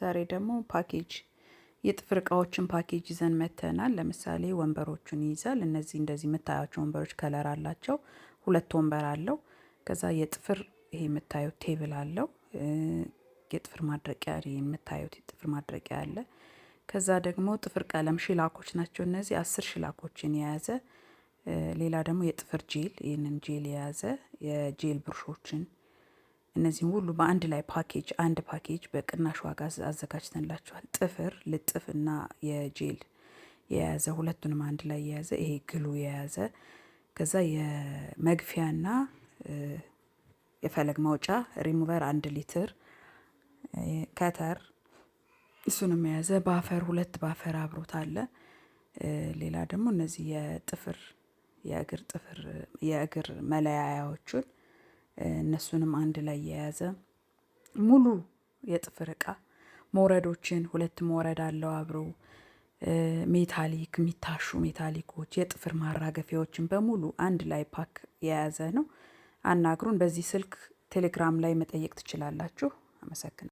ዛሬ ደግሞ ፓኬጅ የጥፍር እቃዎችን ፓኬጅ ይዘን መተናል። ለምሳሌ ወንበሮቹን ይይዛል እነዚህ እንደዚህ የምታያቸው ወንበሮች ከለር አላቸው ሁለት ወንበር አለው። ከዛ የጥፍር ይሄ የምታዩት ቴብል አለው። የጥፍር ማድረቂያ የምታዩት የጥፍር ማድረቂያ አለ። ከዛ ደግሞ ጥፍር ቀለም ሽላኮች ናቸው እነዚህ አስር ሽላኮችን የያዘ። ሌላ ደግሞ የጥፍር ጄል ይህንን ጄል የያዘ የጄል ብርሾችን። እነዚህም ሁሉ በአንድ ላይ ፓኬጅ አንድ ፓኬጅ በቅናሽ ዋጋ አዘጋጅተንላችኋል። ጥፍር ልጥፍ እና የጄል የያዘ ሁለቱንም አንድ ላይ የያዘ ይሄ ግሉ የያዘ ከዛ የመግፊያና የፈለግ ማውጫ ሪሙቨር አንድ ሊትር ከተር እሱንም የያዘ ባፈር ሁለት ባፈር አብሮት አለ። ሌላ ደግሞ እነዚህ የጥፍር የእግር ጥፍር የእግር መለያያዎቹን እነሱንም አንድ ላይ የያዘ ሙሉ የጥፍር እቃ ሞረዶችን፣ ሁለት ሞረድ አለው አብሮ ሜታሊክ የሚታሹ ሜታሊኮች፣ የጥፍር ማራገፊያዎችን በሙሉ አንድ ላይ ፓክ የያዘ ነው። አናግሩን። በዚህ ስልክ ቴሌግራም ላይ መጠየቅ ትችላላችሁ። አመሰግናለሁ።